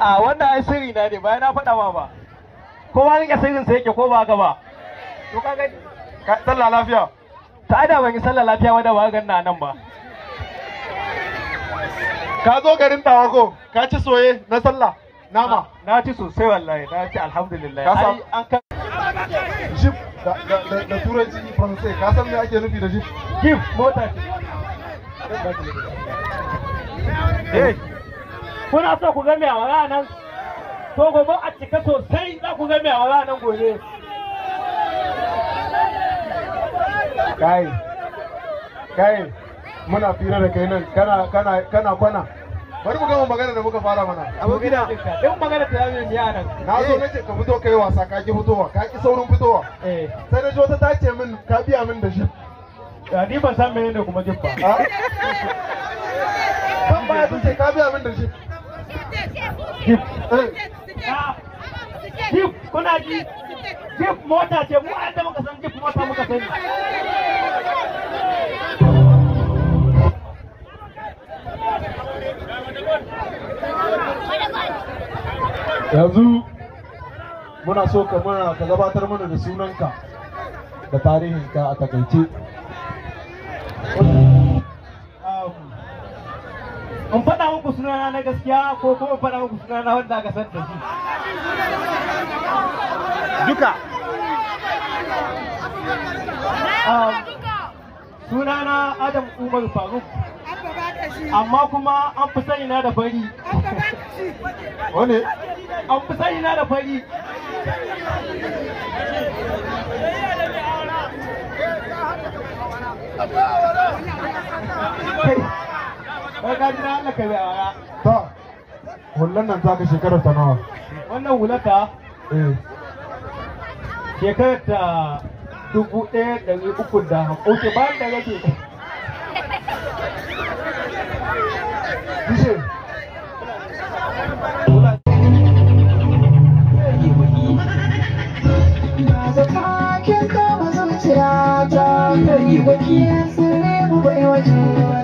a wannan ai sirri na ne bayan na faɗa ma ba kowa rike sirrin sa yake ko ba ga ba to ka gani sallah lafiya ta ada ban yi sallah lafiya wanda ba ga nan ba ka zo garin tawa ko ka ci soye na sallah nama na ci sosai wallahi na ci alhamdulillah ai an ka jip da turanci faransai ka san me ake nufi da jip jip mota ce eh, kuna so ku ga mai awara nan to gobe a cika sosai za ku ga mai awara nan gobe kai kai muna fira da kai nan kana kana kana kwana bari mu gama magana da muka fara mana abokina in magana ta yami ni anan na zo eh. nace ka fito kai wasa ka ki fitowa ka ki saurin fitowa eh. sai na ta ce min ka biya min da shi ya ni ban san menene kuma jibba ah. ban ba ya ce ka biya min da shi Eh, Jeep. kuna ji mota ce mu an da muka san Jeep mota muka sani. Yanzu muna so ka ka gabatar mana da sunanka da tarihinka a takaice. in faɗa muku sunana na gaskiya ko kuma in faɗa muku sunana wanda aka san da shi duka um, sunana adam umar faruk amma kuma an fi sani na da fari an fi sani na da fari Allah Wai Allah ka Ta. Hullan nan ta ka shekarar ta nawa. Wannan hulata? Eh. Shekarar ta dubu ɗaya ɗari uku da hamsin. Oke da rage. Thank you.